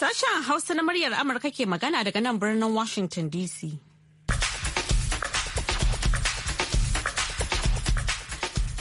Sashen Hausa na muryar Amurka ke magana daga nan birnin Washington DC.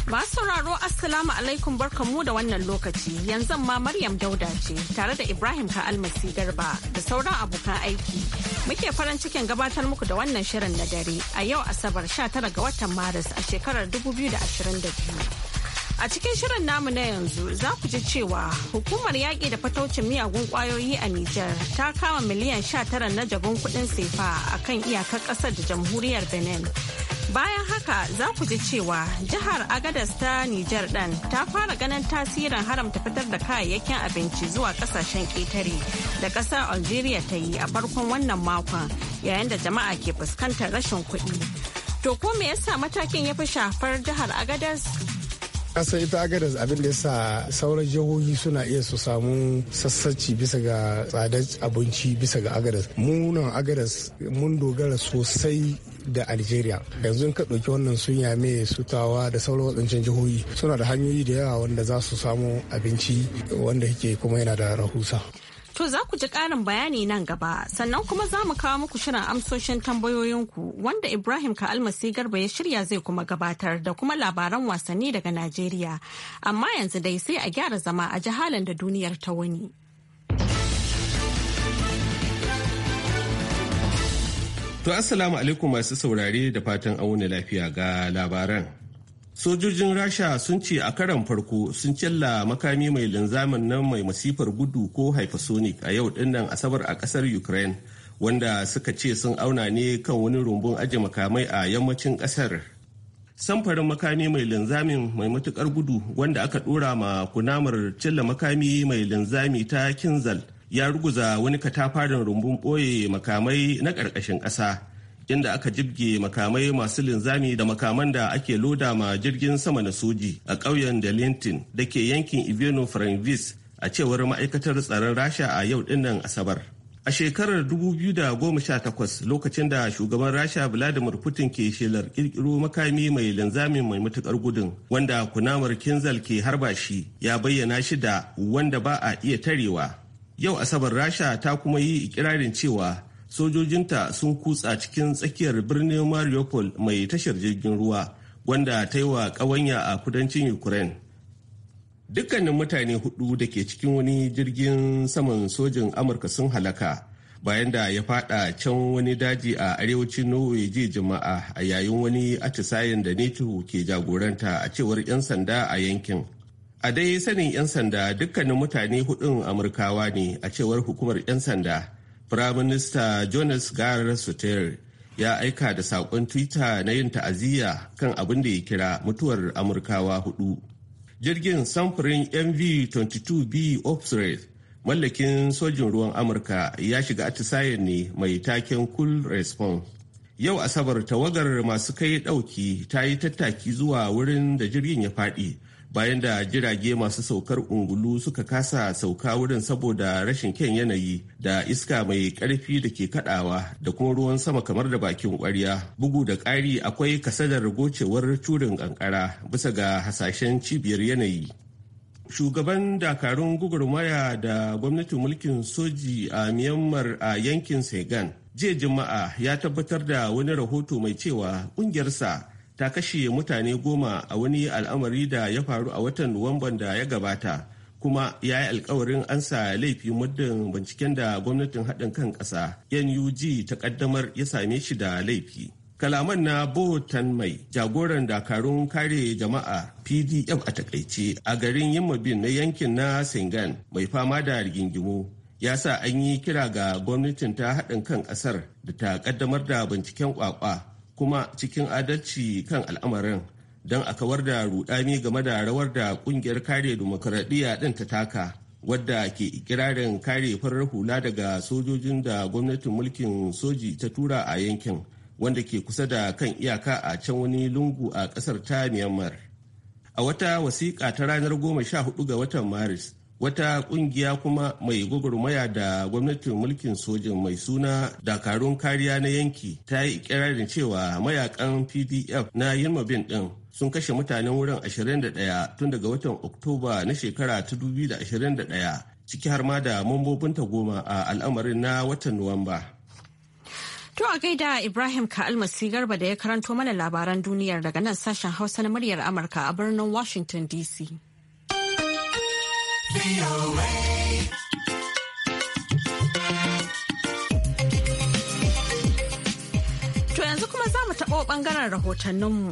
Masu sauraro Assalamu alaikum mu da wannan lokaci yanzu ma Maryam Dauda ce tare da Ibrahim Ka'almasi Garba da sauran abokan aiki. Muke farin cikin gabatar muku da wannan shirin na dare a yau Asabar 19 ga watan Maris a shekarar 2022. A cikin shirin namu na yanzu za ku ji cewa hukumar yaƙi da fataucin miyagun ƙwayoyi a Nijar ta kama miliyan sha tara na jabon kuɗin sefa a kan iyakar ƙasar da jamhuriyar Benin. Bayan haka za ku ji cewa jihar Agadas ta Nijar ɗan ta fara ganin tasirin haramta fitar da kayayyakin abinci zuwa ƙasashen ƙetare da ƙasar Algeria ta yi a farkon wannan makon yayin da jama'a ke fuskantar rashin kuɗi. To ko me yasa matakin ya fi shafar jihar Agadas? kasan ita da abin da yasa sauran jihohi suna iya su samu sassaci bisa ga tsadar abinci bisa ga agadas munan agadas mun dogara sosai da algeria yanzu ka ɗauki wannan sun yame sutawa da sauran waɗancan jihohi suna da hanyoyi da yawa wanda za su samu abinci wanda yake kuma yana da rahusa To za ku ji ƙarin bayani nan gaba sannan kuma za mu kawo muku shirin amsoshin tambayoyinku wanda Ibrahim ka Almasi Garba ya shirya zai kuma gabatar da kuma labaran wasanni daga Najeriya. Amma yanzu dai sai a gyara zama a halin da duniyar ta wani. To Assalamu alaikum masu saurare da fatan auna lafiya ga labaran. sojojin rasha sun ce a karan farko sun cilla makami mai linzamin nan mai masifar gudu ko hypersonic a yau dinnan asabar a kasar ukraine wanda suka ce sun auna ne kan wani rumbun aje makamai a yammacin kasar samfarin makami mai linzamin mai matukar gudu wanda aka dora ma kunamar cilla makami mai linzami ta kinzal ya ruguza wani katafarin rumbun boye makamai na ƙarƙashin ƙasa inda aka jibge makamai masu linzami da makaman da ake loda ma jirgin sama na soji a ƙauyen Delintin da ke yankin Iveno Franvis a cewar ma'aikatar tsaron Rasha a yau dinnan Asabar. A shekarar 2018 lokacin da shugaban Rasha Vladimir Putin ke shelar kirkiro makami mai linzamin mai matukar gudun wanda kunamar Kinzal ke harba shi ya bayyana shi da wanda ba a iya tarewa. Yau Asabar Rasha ta kuma yi ikirarin cewa sojojinta sun kutsa cikin tsakiyar birnin mariupol mai tashar jirgin ruwa wanda ta yi wa ƙawanya a kudancin ukraine dukkanin mutane hudu da ke cikin wani jirgin saman sojin amurka sun halaka bayan da ya fada can wani daji a arewacin norway ji jama'a a yayin wani atisayen da neto ke jagoranta a cewar 'yan sanda a yankin a dai sanin 'yan sanda dukkanin mutane hudun amurkawa ne a cewar hukumar 'yan sanda Firaminista Jonas Garar Sotir ya aika da saƙon Twitter na yin ta'aziyya kan abin da ya kira mutuwar Amurkawa hudu. Jirgin samfurin MV-22B Obsolete mallakin sojin ruwan Amurka ya shiga atisayen ne mai taken Cool Response. Yau Asabar tawagar masu kai ɗauki ta yi tattaki zuwa wurin da jirgin ya faɗi bayan da jirage masu saukar ungulu suka kasa sauka wurin saboda rashin kyan yanayi da iska mai karfi da ke kadawa da kuma ruwan sama kamar da bakin kwarya bugu da ƙari akwai kasadar gocewar turin kankara bisa ga hasashen cibiyar yanayi shugaban dakarun gugurmaya da gwamnatin mulkin soji a myanmar a yankin saigon jiya juma'a ya tabbatar da wani rahoto mai cewa ƙungiyarsa ta kashe mutane goma a wani al'amari da ya faru a watan Nuwamban da ya gabata kuma ya yi alkawarin ansa laifi muddin binciken da gwamnatin haɗin kan ƙasa NUG ta ƙaddamar ya same shi da laifi. Kalaman na botan Mai jagoran dakarun kare jama'a PDF a takaice a garin Yimmabin na yankin na Singan mai fama da rigingimu ya sa an yi kira ga gwamnatin ta haɗin kan ƙasar da ta ƙaddamar da binciken kwakwa kuma cikin adalci kan al'amarin don a kawar da rudani game da rawar da kungiyar kare dimokuraɗiyya ɗin ta taka wadda ke ikirarin kare farar hula daga sojojin da gwamnatin mulkin soji ta tura a yankin wanda ke kusa da kan iyaka a can wani lungu a ƙasar ta myanmar a wata wasiƙa ta ranar goma sha hudu ga watan maris wata kungiya kuma mai gwagwarmaya da gwamnatin mulkin sojin mai suna dakarun kariya na yanki ta yi ikirarin cewa mayakan pdf na yirma bin din sun kashe mutanen wurin 21 tun daga watan oktoba na shekara ta 2021 ciki har ma da mambobin ta goma a al'amarin na watan nuwamba To a gaida Ibrahim Ka'almasi Garba da ya karanto mana labaran duniyar daga nan sashen Hausa na muryar Amurka a birnin Washington DC. To yanzu kuma za mu taɓo ɓangaren rahotanninmu.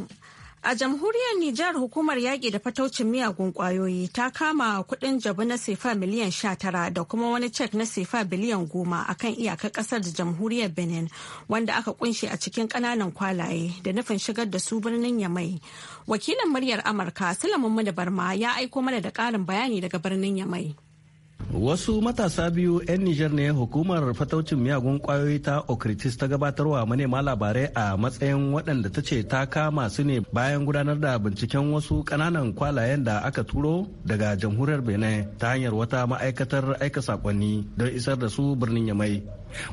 A jamhuriyar Nijar hukumar yaƙi da fataucin miyagun ƙwayoyi ta kama kuɗin jabu na sefa miliyan sha tara da kuma wani cek na sefa biliyan goma a kan iyakar ƙasar da jamhuriyar Benin wanda aka kunshi a cikin ƙananan kwalaye da nufin shigar da su birnin Yamai. Wakilin muryar Amurka Sulaiman Barma ya aiko mana da ƙarin bayani daga birnin Yamai. Wasu matasa biyu 'yan Nijar ne hukumar fataucin miyagun kwayoyi ta Okritis ta gabatarwa manema labarai a matsayin waɗanda ta ce ta kama su ne bayan gudanar da binciken wasu ƙananan kwalayen da aka turo daga jamhuriyar Benin ta hanyar wata ma'aikatar aika sakonni don isar da su birnin Yamai.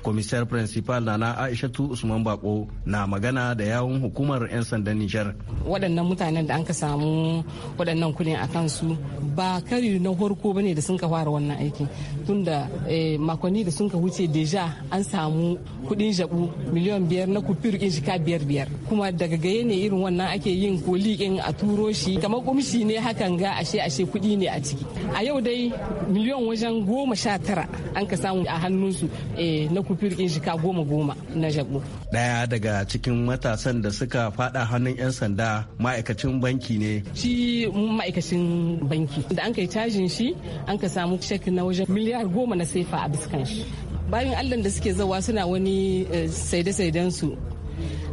Komisar principal na Aishatu Usman Bako na magana da yawun hukumar 'yan sandan Nijar. Waɗannan mutanen da an ka samu waɗannan kuɗi a kansu ba kari na horko ne da sun ka fara wannan aiki tunda eh, makonni da sun ka wuce deja an samu kuɗin jabu miliyan biyar na kufir in shika biyar biyar kuma daga gaye ne irin wannan ake yin in a turo shi kamar kumshi ne hakan ga ashe ashe kuɗi ne a ciki a yau dai miliyan wajen goma sha tara an ka samu a hannunsu eh, na kufir ɗin jika goma goma na jabu ɗaya daga cikin matasan da suka faɗa hannun 'yan sanda ma'aikacin banki ne. Shi ma'aikacin banki da an kai cajin shi an ka samu shek na wajen miliyar goma na sefa a biskan shi. Bayan Allah da suke zawa suna wani eh, saide-saiden su.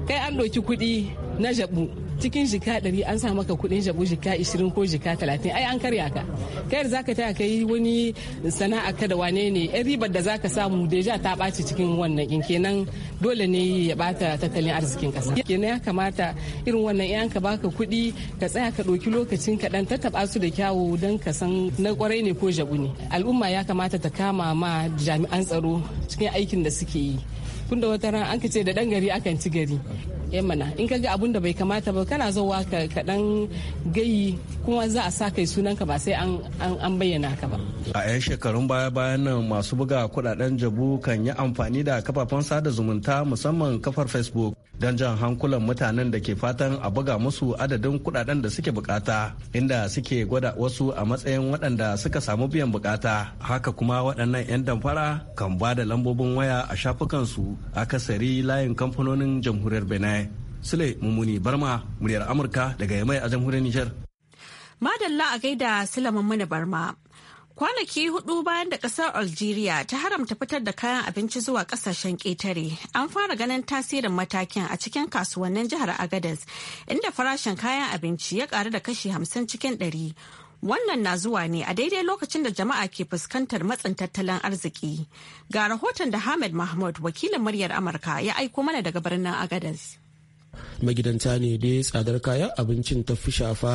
Kai an ɗauki kuɗi na jabu cikin jika ɗari an sa maka kuɗin jabu jika ishirin ko jika talatin ai an karya ka kayar za ka kai wani sana'a ka da wane ne yan ribar da za ka samu deja ta ɓaci cikin wannan in kenan dole ne ya bata tattalin arzikin kasa. kenan ya kamata irin wannan yan ka baka kuɗi ka tsaya ka ɗauki lokacin ka ta tattaɓa su da kyawu don ka san na kwarai ne ko jabu ne al'umma ya kamata ta kama ma jami'an tsaro cikin aikin da suke yi da wata ran an ka ce da ɗan gari akan ci gari yan eh, mana in ka ga abun da bai kamata ba kana zowa ka kaɗan gayi kuma za a sa kai sunan ka ba sai an bayyana ka ba a 'yan shekarun baya bayan nan masu buga kudaden jabu kan yi amfani da kafafen sada zumunta musamman kafar facebook don jan hankulan mutanen da ke fatan a buga musu adadin kudaden da suke bukata inda suke gwada wasu a matsayin waɗanda suka samu biyan bukata haka kuma waɗannan 'yan damfara kan ba da lambobin waya a shafukansu akasari layin kamfanonin jamhuriyar benin sule mummuni barma muryar amurka daga yamai a jamhuriyar Nijar. madalla a gaida sule mummuni barma Kwanaki hudu bayan da kasar Algeria ta haramta fitar da kayan abinci zuwa kasashen ƙetare, an fara ganin tasirin matakin a cikin kasuwannin jihar Agadez, inda farashin kayan abinci ya karu da kashi hamsin cikin ɗari. Wannan na zuwa ne a daidai lokacin da jama'a ke fuskantar matsin tattalin arziki. Ga rahoton da Hamid Mahmud, wakilin muryar Amurka, ya aiko mana daga birnin Agadez. magidanta ne dai tsadar kayan abincin ta fi shafa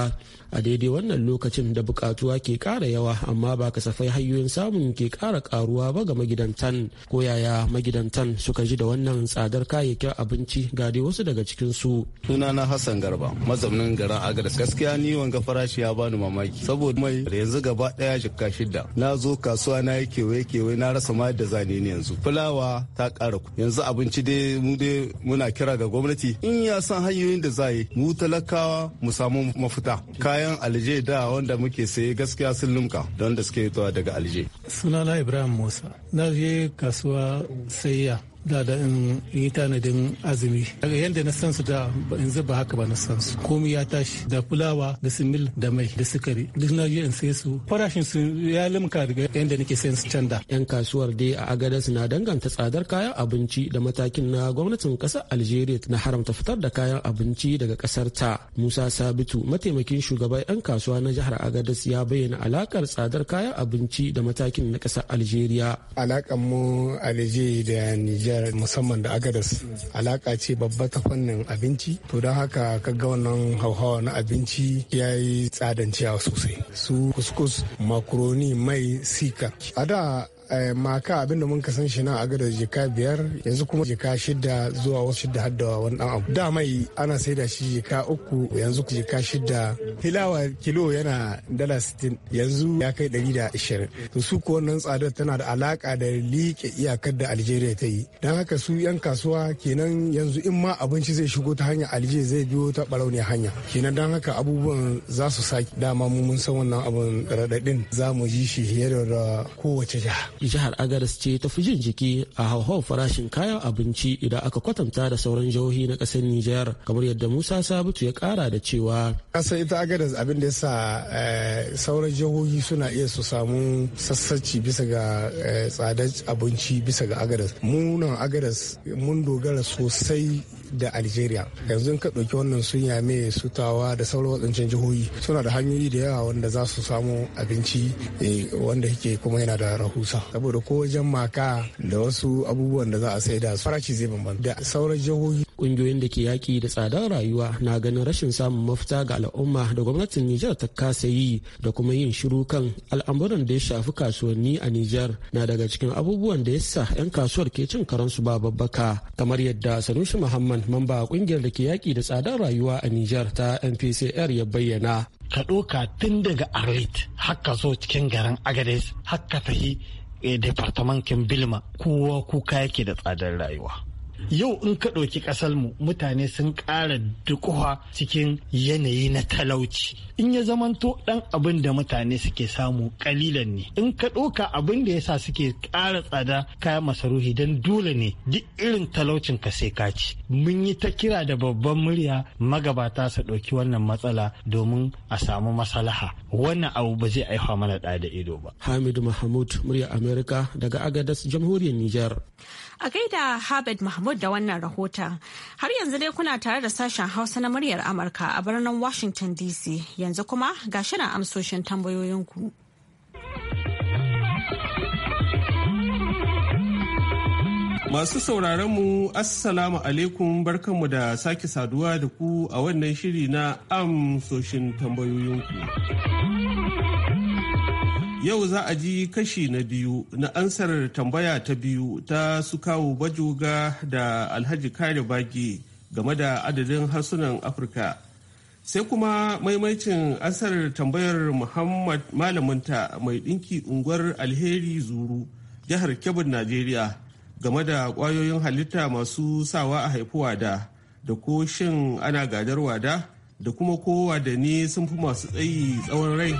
a daidai wannan lokacin da bukatuwa ke kara yawa amma ba kasafai hanyoyin samun ke kara karuwa ba ga magidantan ko yaya magidantan suka ji da wannan tsadar kayayyakin abinci ga dai wasu daga cikin su sunana hassan garba mazaunin garin agadas gaskiya ni wanga farashi ya bani mamaki saboda mai da yanzu gaba daya jikka shida na zo kasuwa na yi kewaye kewaye na rasa ma da zane ne yanzu fulawa ta kara yanzu abinci dai mu dai muna kira ga gwamnati in ya sa san hanyoyin da za yi mu talakawa mu samu mafita kayan alje da wanda muke saye gaskiya sun lumka da suke zuwa daga alje sunana ibrahim musa na je kasuwa sayya da da in yi tanadin azumi daga yadda na san su da yanzu ba haka ba na san su komai ya tashi da fulawa da simil da mai da sukari duk na in sai su farashin su ya limka daga yadda nake sayan su can da yan kasuwar dai a agadas suna danganta tsadar kayan abinci da matakin na gwamnatin kasar algeria na haramta fitar da kayan abinci daga kasar ta musa sabitu mataimakin shugaban yan kasuwa na jihar agadas ya bayyana alakar tsadar kayan abinci da matakin na kasar algeria alakan mu algeria da niger Zandar musamman da Agadas alaka ce babba ta fannin abinci to don haka kaga wannan hauhawa na abinci ya yi tsadan sosai su kuskus makaroni mai sika a da Eh, maka abinda mun ka san shi na a gada jika biyar yanzu kuma jika shida zuwa wasu shida har da wani dan abu da mai ana saida shi jika uku yanzu jika shida hilawa kilo yana dala sittin yanzu ya kai ɗari da ashirin to su ko wannan tsadar tana da alaka da liƙe iyakar da algeria ta yi don haka su yan kasuwa kenan yanzu in ma abinci zai shigo ta hanya alje zai biyo ta barauni hanya kenan don haka abubuwan za su sake dama mu mun san wannan abun raɗaɗin za mu ji shi fiye da kowace jiha jihar agadas ce ta fi jin jiki a hauhawar farashin kayan abinci idan aka kwatanta da sauran jihohi na ƙasar nijar kamar yadda musa sabitu ya kara da cewa kasa ita agadas abin da sa eh, sauran jihohi suna iya su samu sassaci bisa ga eh, tsadar abinci bisa ga agadas mu nan agadas mun dogara sosai da algeria yanzu ka ɗauki wannan sunya yame sutawa da sauran waɗancan jihohi suna da hanyoyi da yawa wanda za su samu abinci eh, wanda yake kuma yana da rahusa saboda ko wajen maka da wasu abubuwan da za a saida su farashi zai bambanta da sauran jihohi Ƙungiyoyin da ke yaƙi da tsadar rayuwa na ganin rashin samun mafita ga al'umma da gwamnatin Nijar ta kasa yi da kuma yin shiru kan al'amuran da ya shafi kasuwanni a Nijar na daga cikin abubuwan da ya sa 'yan kasuwar ke cin karansu ba babbaka kamar yadda Sanusi Muhammad mamba ƙungiyar da ke yaƙi da tsadar rayuwa a Nijar ta NPCR ya bayyana. Ka ɗoka tun daga Arlit haka so cikin garin Agades haka ta yi eh, departamentin Bilma kowa kuka yake da tsadar rayuwa. yau in ka ɗauki ƙasar mu mutane sun ƙara dukuwa cikin yanayi na talauci in ya zamanto ɗan abin da mutane suke samu ƙalilan ne in ka ɗauka abin da sa suke ƙara tsada kayan masarufi don dole ne duk irin talaucin ka sai ka ci mun yi ta kira da babban murya magabata su ɗauki wannan matsala domin a samu masalaha wannan abu ba zai aiha mana ɗa da ido ba hamidu mahmud murya amerika daga agadas jamhuriyar nijar A gaida Habib Mahmud da wannan rahoton. Har yanzu dai kuna tare da sashen Hausa na muryar Amurka a birnin Washington DC. Yanzu kuma ga shirin amsoshin tambayoyinku. Masu sauraron mu Assalamu alaikum barkanmu da sake saduwa da ku a wannan shiri na amsoshin tambayoyinku. Yau za a ji kashi na biyu na ansar tambaya ta biyu ta su kawo bajoga da Alhaji Kare Bagi game da adadin harsunan Afirka. Sai kuma maimaicin ansar tambayar Muhammad malaminta mai ɗinki unguwar Alheri Zuru, jihar Kebbi, Najeriya, game da ƙwayoyin halitta masu sawa a haifuwa wada, da ko shin ana gadar wada, da kuma kowa da ni sun fi masu tsayi tsawon rai.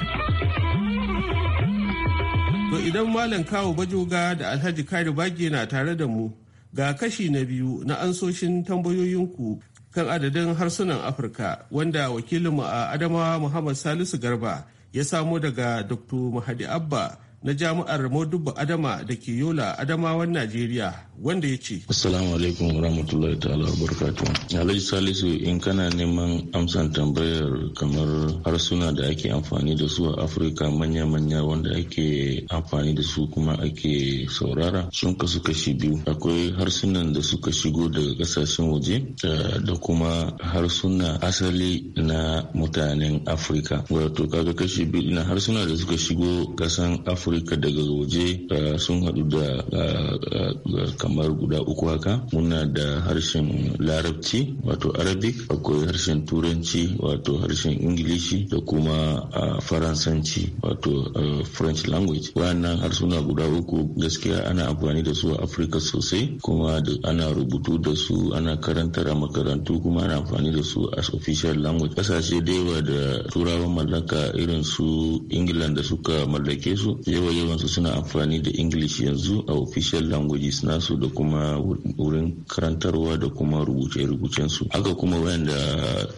To idan Malam Kawo Bajoga da Alhaji Kari Bage na tare da mu ga kashi na biyu na ansoshin tambayoyinku kan adadin harsunan Afirka wanda wakilinmu a Adamawa Muhammad Salisu Garba ya samo daga Dr. Mahadi Abba na jami'ar Modubba Adama da ke Yola Adamawan Najeriya wanda ya ce. Assalamu alaikum wa rahmatullahi ta'ala wa Alhaji Salisu in kana neman amsan tambayar kamar harsuna da ake amfani da su a Afirka manya-manya wanda ake amfani da su kuma ake saurara sun kasu kashi biyu. Akwai harsunan da suka shigo daga kasashen waje da kuma harsuna asali na mutanen Afirka. Wato kaga kashi biyu na harsuna da suka shigo kasan Afirka afirka daga waje uh, sun haɗu da uh, uh, kamar guda uku haka muna da harshen larabci wato arabic akwai harshen turanci wato harshen ingilishi da kuma faransanci wato french language wannan harsuna guda uku gaskiya ana amfani da su a afirka sosai kuma ana rubutu da su ana karantar makarantu kuma ana amfani da su as official language kasashe da yawa da turawan mallaka irin su england da suka mallake su yawa yawansu suna amfani da english yanzu a official languages nasu da kuma wurin karantarwa da kuma rubuce-rubucen su haka kuma wayanda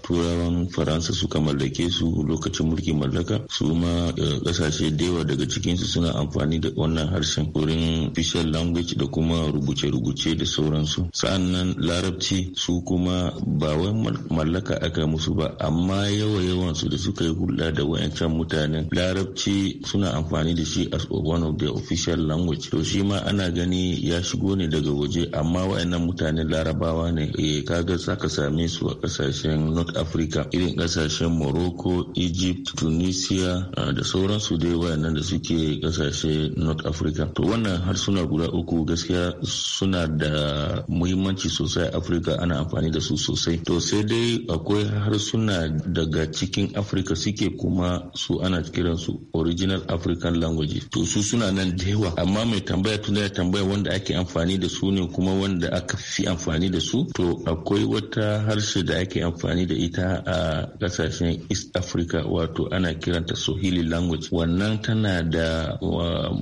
turawan faransa suka mallake su lokacin mulki mallaka su ma kasashe eh, da yawa daga cikinsu suna amfani da wannan harshen wurin official language da kuma rubuce-rubuce da sauransu sa'annan larabci su kuma ba wai mallaka aka musu ba amma yawa yawansu da suka yi hulɗa da wayancan mutanen larabci suna amfani da shi as one of the official language to shi ma ana gani ya shigo ne daga waje amma wayannan mutanen larabawa ne eh kaga saka same su a kasashen North Africa irin kasashen Morocco Egypt Tunisia ah, da sauransu dai wayannan da suke kasashe North Africa to wannan harsuna guda uku gaskiya suna da muhimmanci sosai a Africa ana amfani da su sosai to sai dai akwai harsuna daga cikin Africa suke kuma su ana kiransu original African language to su suna nan da yawa amma mai tambaya tuna ya tambaya wanda ake amfani da su ne kuma wanda aka fi amfani da su to akwai wata harshe da ake amfani da ita a kasashen east africa wato ana kiranta swahili language wannan tana da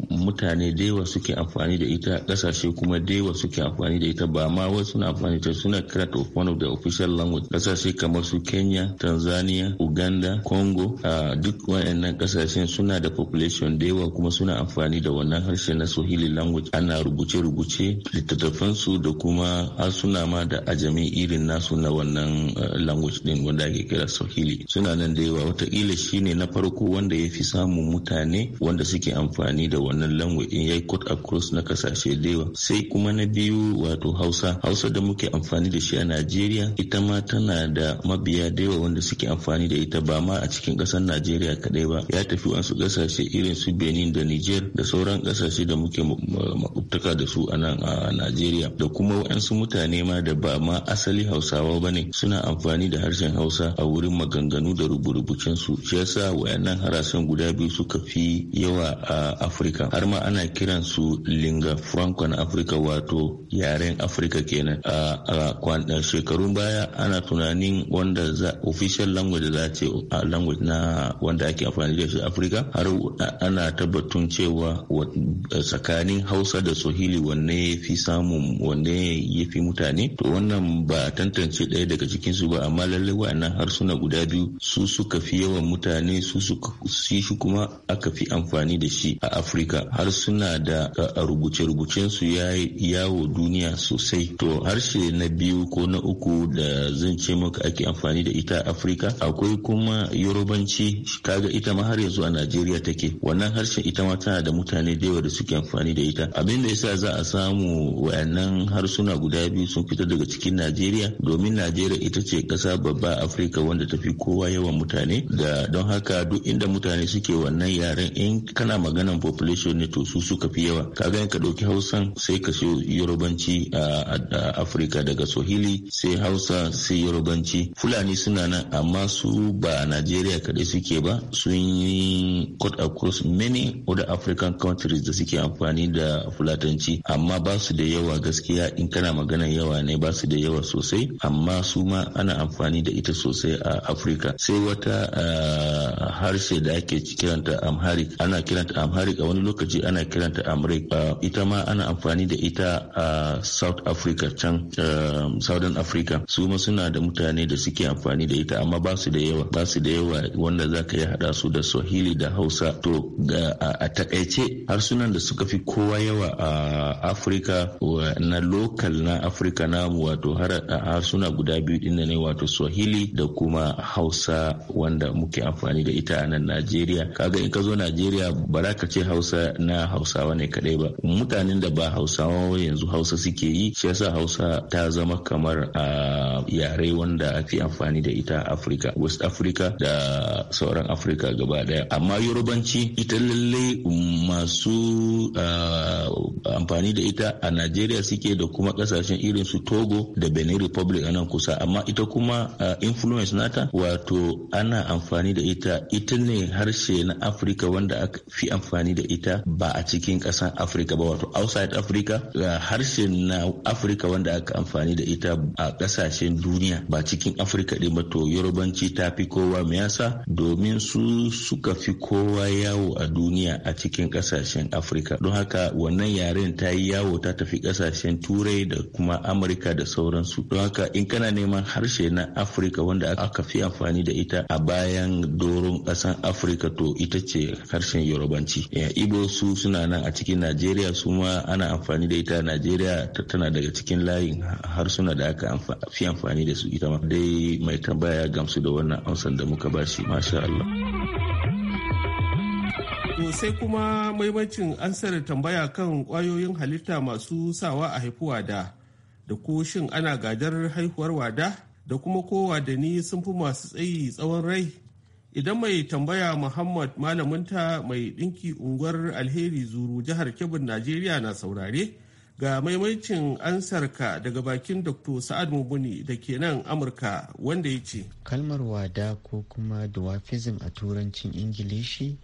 mutane da yawa suke amfani da ita kasashe kuma da yawa suke amfani da ita ba ma wasu na amfani da suna kiranta one of the official language kasashe kamar su kenya tanzania uganda congo duk waɗannan kasashen suna da population da yawa kuma kuma suna amfani da wannan harshe na Swahili language ana rubuce-rubuce littattafansu da kuma harsuna ma da ajami irin nasu na wannan eh, language din wanda ake kira Swahili suna nan da yawa watakila shine na farko wanda ya fi samun mutane wanda suke amfani da wannan language in yayi cut across na kasashe da yawa sai kuma na biyu wato Hausa Hausa da muke amfani da shi a Najeriya ita ma tana da mabiya da yawa wanda suke amfani da ita ba ma a cikin ƙasar Najeriya kadai ba ya tafi wasu ƙasashe irin su Benin da Niger da sauran ƙasashe da muke makuttaka da su a nan a Najeriya da kuma wayansu mutane ma da ba ma asali Hausawa ba ne suna amfani da harshen Hausa a wurin maganganu da rubuce su shi yasa wayannan harasan guda biyu suka fi yawa a Afrika. har ma ana kiran su linga franco na Afirka wato yaren Afrika kenan a shekarun baya ana tunanin wanda za official language za ce language na wanda ake amfani da shi Afirka har ana tabbatar batun cewa tsakanin hausa da swahili wanne ya fi samun wanne ya fi mutane to wannan ba a tantance ɗaya daga cikinsu ba amma lallai wa'annan harsuna guda biyu su suka fi yawan mutane su shi kuma aka fi amfani da shi a afirka harsuna da a rubuce rubucensu su ya yawo duniya sosai to harshe na biyu ko na uku da zan ce maka ake amfani da ita a afirka akwai kuma yorubanci kaga ita ma har yanzu a najeriya take wannan harshen ita. ita ma tana da mutane da yawa da suke amfani da ita abin da yasa za a samu wayannan harsuna guda biyu sun fita daga cikin najeriya domin najeriya ita ce kasa babba afirka wanda ta fi kowa yawan mutane da don haka duk inda mutane suke wannan yaren in kana maganan population ne to su suka fi yawa kaga ka ɗauki hausan sai ka so yorubanci a afirka daga sohili sai hausa sai yorubanci fulani suna nan amma su ba najeriya kaɗai suke ba sun yi cut across many wadda african countries da suke amfani da fulatanci amma ba su da yawa gaskiya in kana magana yawa ne ba su da yawa sosai amma su ma ana amfani da ita sosai a afirka sai wata ah, harshe da ake kiranta amharic ana kiranta amharic a wani lokaci ana kiranta amrik ita ma ana amfani da ita a south africa can southern africa su ma suna da mutane da suke amfani da ita amma ba su da yawa ba su da yawa wanda za ka yi hada su da swahili da hausa to a takaice harsunan da suka fi kowa yawa a afirka na lokal na na namu wato harsuna guda biyu din ne wato swahili da kuma hausa wanda muke amfani da ita ta a nan Najeriya kaga in ka zo Najeriya ba za ka ce Hausa na Hausawa ne kaɗai ba mutanen da ba Hausawa yanzu Hausa suke yi shi yasa Hausa ta zama kamar a yare wanda ake amfani da ita Afirka West Africa da sauran Afirka gaba daya amma Yorubanci ita lalle masu amfani da ita a Najeriya suke da kuma kasashen irin su Togo da Benin Republic a nan kusa amma ita kuma influence nata wato ana amfani da ita ita ne harshe na afirka wanda aka fi amfani da ita ba a cikin ƙasar afirka ba wato outside africa harshe na afirka wanda aka amfani da ita a ƙasashen duniya ba cikin afirka ɗin ba to yorubanci ta fi kowa me yasa domin su suka fi kowa yawo a duniya a cikin ƙasashen afirka don haka wannan yaren ta yi yawo ta tafi ƙasashen turai da kuma amurka da sauransu don haka in kana neman harshe na afirka wanda aka fi amfani da ita a bayan doron kasan afirka to ita ce harshen yorubanci ibo su suna nan a cikin najeriya su ma ana amfani da ita najeriya tana daga cikin layin harsuna da aka fi amfani da su ita ma dai mai tambaya ya gamsu da wannan amsan da muka bashi masha Allah. sai kuma maimacin ansar tambaya kan kwayoyin halitta masu sawa a haifi wada da ko shin ana gadar haihuwar wada da kuma ko wadanni sun fi masu tsayi tsawon rai idan mai tambaya muhammad malaminta mai dinki unguwar alheri zuru jihar kebbi najeriya na saurare ga maimaicin ansarka daga bakin dr sa'ad mubuni da ke nan amurka wanda ya ce kalmar wada ko kuma duwafizm a turancin ingilishi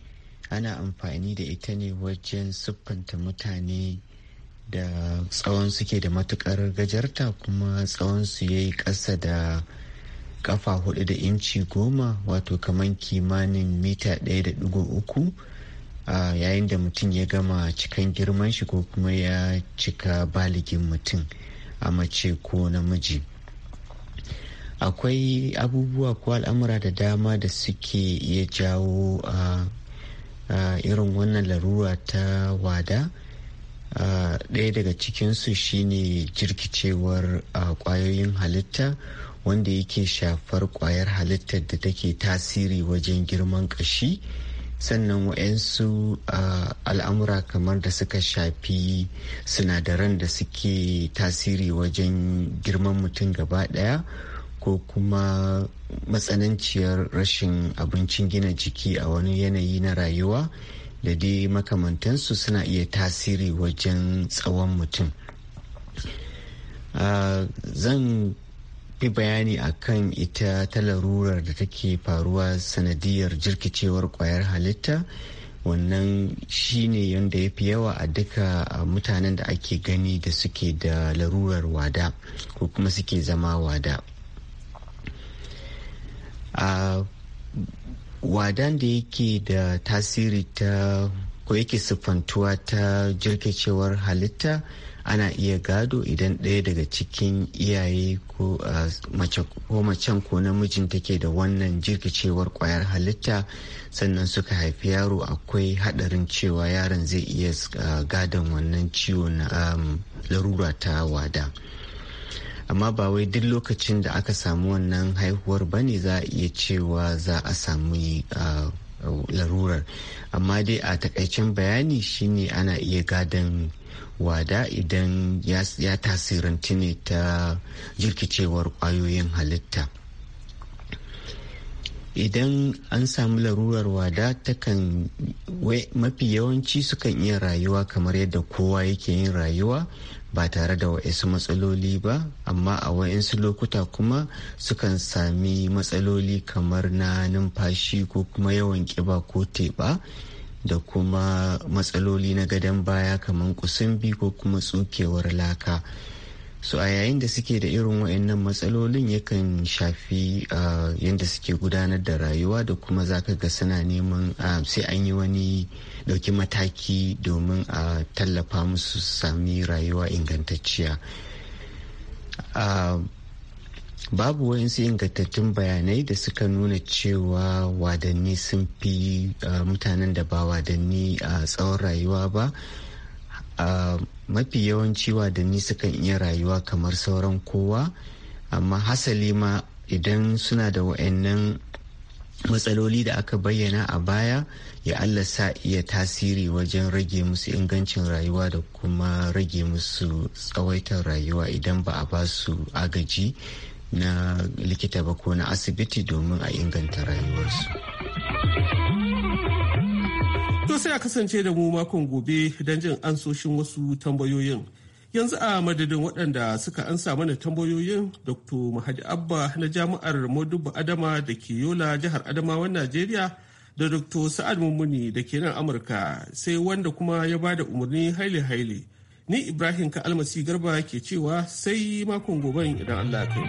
ana amfani da ita ne wajen siffanta mutane da tsawon suke da matukar gajarta kuma tsawon su yayi ƙasa da kafa hudu da inci goma wato kamar kimanin mita ɗaya da ɗigo uku yayin da mutum ya gama cikan girman shi ko kuma ya cika baligin mutum a mace ko namiji akwai abubuwa ko al'amura da dama da suke iya jawo a irin wannan larura ta wada ɗaya daga cikinsu shine jirkicewar kwayoyin halitta wanda yake shafar kwayar halittar da take tasiri wajen girman kashi sannan wa'yansu al'amura kamar da suka shafi sinadaran da suke tasiri wajen girman mutum gaba daya ko kuma matsananciyar rashin abincin gina jiki a wani yanayi na rayuwa da dai makamantansu suna iya tasiri wajen tsawon mutum zan fi bayani akan ita ta larurar da take faruwa sanadiyar jirkicewar kwayar halitta wannan shine yadda ya fi yawa a duka mutanen da ake gani da suke da larurar wada ko kuma suke zama wada a wadan da yake da tasiri ta ko yake siffantuwa ta jirkicewar halitta ana iya gado idan ɗaya daga cikin iyaye ko macen ko namijin take da wannan jirgicewar kwayar halitta sannan suka haifi yaro akwai haɗarin cewa yaron zai iya gadon wannan ciwo na larura ta wada amma ba wai duk lokacin da aka samu wannan haihuwar ba ne za a iya cewa za a samu larurar amma dai a takaicen bayani shine ana iya gadon wada idan ya tasiranci ne ta jirkicewar kwayoyin halitta idan an samu larurar wada ta kan mafi yawanci sukan iya rayuwa kamar yadda kowa yake yin rayuwa ba tare da wa'isu matsaloli ba amma a wa'insu lokuta kuma sukan sami matsaloli kamar na numfashi ko kuma yawan kiba ko teɓa da kuma matsaloli na gadon baya kamar kusumbi ko kuma tsukewar laka so a yayin da suke da irin wayannan matsalolin yakan shafi uh, yadda suke gudanar da rayuwa da kuma zaka ga suna neman uh, sai an yi wani ɗauki mataki domin a tallafa musu sami rayuwa ingantacciya babu wayansu ingantattun bayanai da suka nuna cewa wadanni sun fi mutanen da ba wadanni a tsawon rayuwa ba mafi yawanci wadanni sukan iya rayuwa kamar sauran kowa amma hasali ma idan suna da waɗannan matsaloli da aka bayyana a baya ya Allah sa iya tasiri wajen rage musu ingancin rayuwa da kuma rage musu tsawaitar rayuwa idan ba a basu agaji na likita ba ko na asibiti domin a inganta rayuwarsu. To sai a kasance da mu makon gobe don jin ansoshin wasu tambayoyin. Yanzu a madadin waɗanda suka ansa mana tambayoyin Dr. Mahadi Abba na Jami'ar Modubu Adama da ke Yola jihar Adamawan Najeriya da Dr. Sa'ad Mummuni da ke nan Amurka sai wanda kuma ya ba da umarni haile-haile. Ni Ibrahim ka almasi garba ke cewa sai makon gobe, idan Allah kai.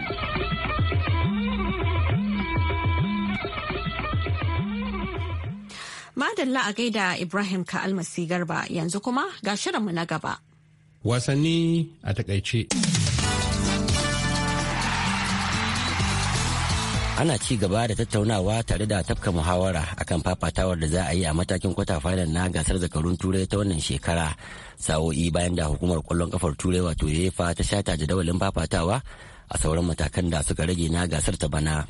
Madalla a gaida Ibrahim ka almasi garba yanzu kuma ga shirinmu na gaba. Wasanni a takaice. ana ci gaba da tattaunawa tare da tafka muhawara akan fafatawar da za a yi a matakin kwata final na gasar zakarun turai ta wannan shekara sa'o'i bayan da hukumar kwallon kafar turai wato yefa ta shata jadawalin fafatawa a sauran matakan da suka rage na gasar ta bana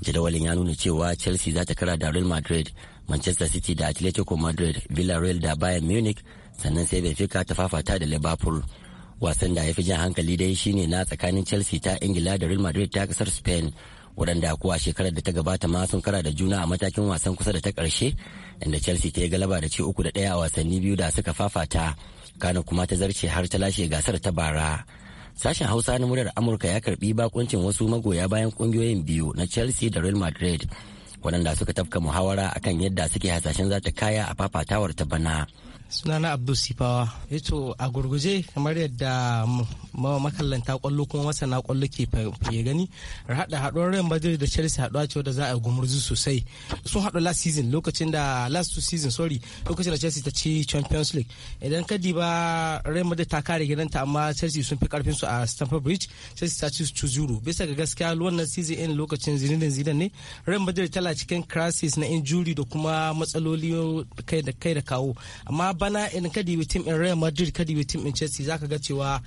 jadawalin ya nuna cewa chelsea za ta kara da real madrid manchester city da atletico madrid villarreal da bayan munich sannan sai benfica ta fafata da liverpool wasan da ya fi jan hankali dai shine na tsakanin chelsea ta ingila da real madrid ta kasar spain waɗanda kuwa shekarar da ta gabata ma sun kara da juna a matakin wasan kusa da ta ƙarshe inda chelsea ta yi galaba da ci uku da ɗaya a wasanni biyu da suka fafata kano kuma ta zarce har ta lashe gasar ta bara sashen hausa na muryar amurka ya karbi bakuncin wasu magoya bayan ƙungiyoyin biyu na chelsea da real madrid waɗanda suka tafka muhawara akan yadda suke hasashen zata kaya a fafatawar ta bana sunana abdul sifawa ito eh a gurguje kamar yadda makallanta kwallo kuma masana kwallo ke fiye gani hada haduwar real madrid da chelsea haduwa ce da za a gumurzu sosai sun hadu last season lokacin da last two season sorry lokacin da chelsea ta ci champions league idan kadi diba real madrid ta kare gidanta amma chelsea sun fi karfin su a stamford bridge chelsea ta ci su zuru bisa ga gaskiya wannan season in lokacin zinedine zidane ne real madrid tana cikin crisis na injury da kuma matsaloli kai da kawo amma bana in kadi yi tim in Real Madrid kadi yi tim in Chelsea zaka ga cewa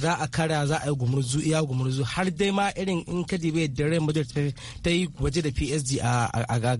za a kara za a yi gumurzu iya gumurzu har dai ma irin in kadi bai da Real Madrid ta yi waje da PSG a na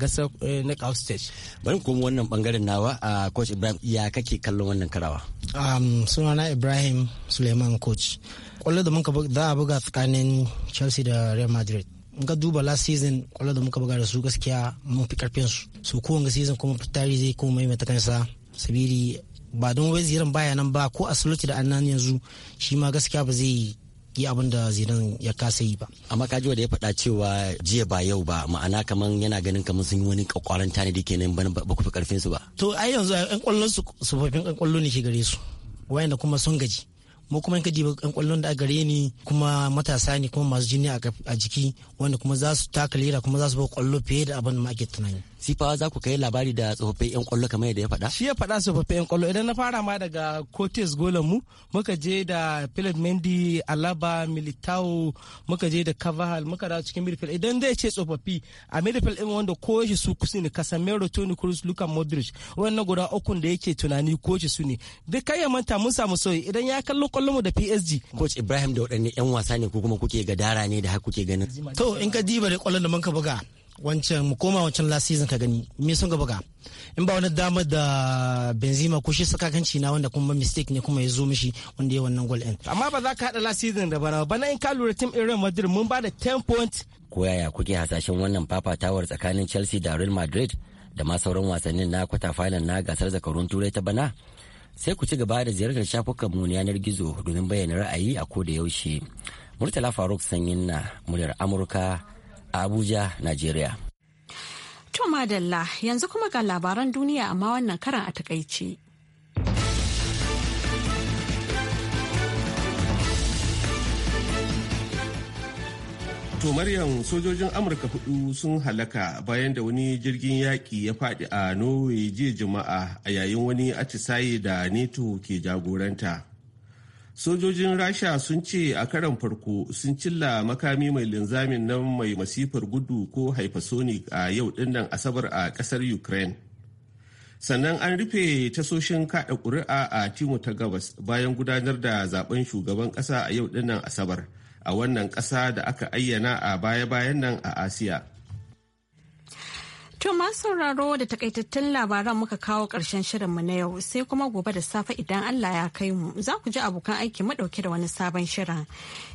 eh, knockout stage. Bari kuma wannan bangaren nawa a coach Ibrahim ya kake kallon wannan karawa. Um, sunana Ibrahim Suleiman coach. Kwallo da muka za a buga tsakanin Chelsea da Real Madrid. ka duba last season kwallo da muka buga da su gaskiya mun fi karfin su su kowane season kuma fitari zai kuma mai matakansa sabiri ba don wai ziran baya nan ba ko asaloci da annan yanzu shi ma gaskiya ba zai yi abin da zidan ya kasa yi ba. Amma kaji da ya faɗa cewa jiya ba yau ba ma'ana kaman yana ganin kaman sun yi wani kwakwaran tanadi kenan ba ba ku karfin su ba. To ai yanzu ƴan kwallon su fafin ƴan kwallo ne ke gare su wayanda kuma sun gaji. Mu kuma ka diba ƴan kwallon da a gare ni kuma matasa ne kuma masu jini a jiki wanda kuma za su taka lera kuma za su ba kwallo fiye da abin da ma ake tunani. sifawa za ku kai labari da tsofaffin yan kwallo kamar yadda ya faɗa shi ya faɗa tsofaffin yan kwallo idan na fara ma daga cotes golan mu muka je da Philip Mendy Alaba Militao muka je da Cavahal muka dawo cikin midfield idan zai ce tsofaffi a midfield din wanda ko shi su kusi ne Casemiro Toni cruz Luka Modric wannan guda uku da yake tunani ko shi su ne duk kai ya manta mun samu soyi idan ya kallo kwallo mu da PSG coach Ibrahim da waɗanne yan wasa ne ko kuma kuke gadara ne da har kuke ganin to in ka diba da kwallon da muka buga wancan mu koma wancan last season ka gani me sun gaba ga in ba wani damar da benzema ko shi sakakanci na wanda kuma mistake ne kuma ya zo mishi wanda ya wannan goal end amma ba za ka hada last season da bana bana in ka lura team irin Real Madrid mun ba da 10 point ko yaya kuke hasashen wannan fafatawar tsakanin Chelsea da Real Madrid da ma sauran wasannin na kwata final na gasar zakarun turai ta bana sai ku ci gaba da ziyartar shafukan mu yanar gizo domin bayyana ra'ayi a ko da yaushe murtala faruk sanyin na muryar amurka Abuja, Najeriya. To madalla yanzu kuma ga labaran duniya amma wannan karan a takaice. To Maryam sojojin Amurka hudu sun halaka bayan da wani jirgin yaƙi ya faɗi a Norway jiya Juma'a a yayin wani atisaye da NATO ke jagoranta. sojojin rasha sun ce a karan farko sun cilla makami mai linzamin nan mai masifar gudu ko hypersonic a yau dinnan asabar a kasar ukraine sannan an rufe tasoshin kada kuri'a a timo ta gabas bayan gudanar da zaben shugaban kasa a yau dinnan asabar a wannan kasa da aka ayyana a baya-bayan nan a asiya To masu sauraro da takaitattun labaran muka kawo ƙarshen shirinmu na yau sai kuma gobe da safe idan Allah ya kai mu za ku ji abokan aiki madauke da wani sabon shirin.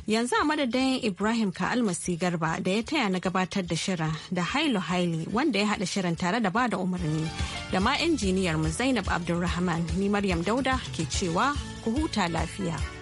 Yanzu a madadin Ibrahim ka almasi Garba da ya taya na gabatar da shirin da Hailu Haili wanda ya haɗa shirin tare da bada umarni da ma injiniyar mu Zainab Abdulrahman ni Maryam Dauda ke cewa ku huta lafiya.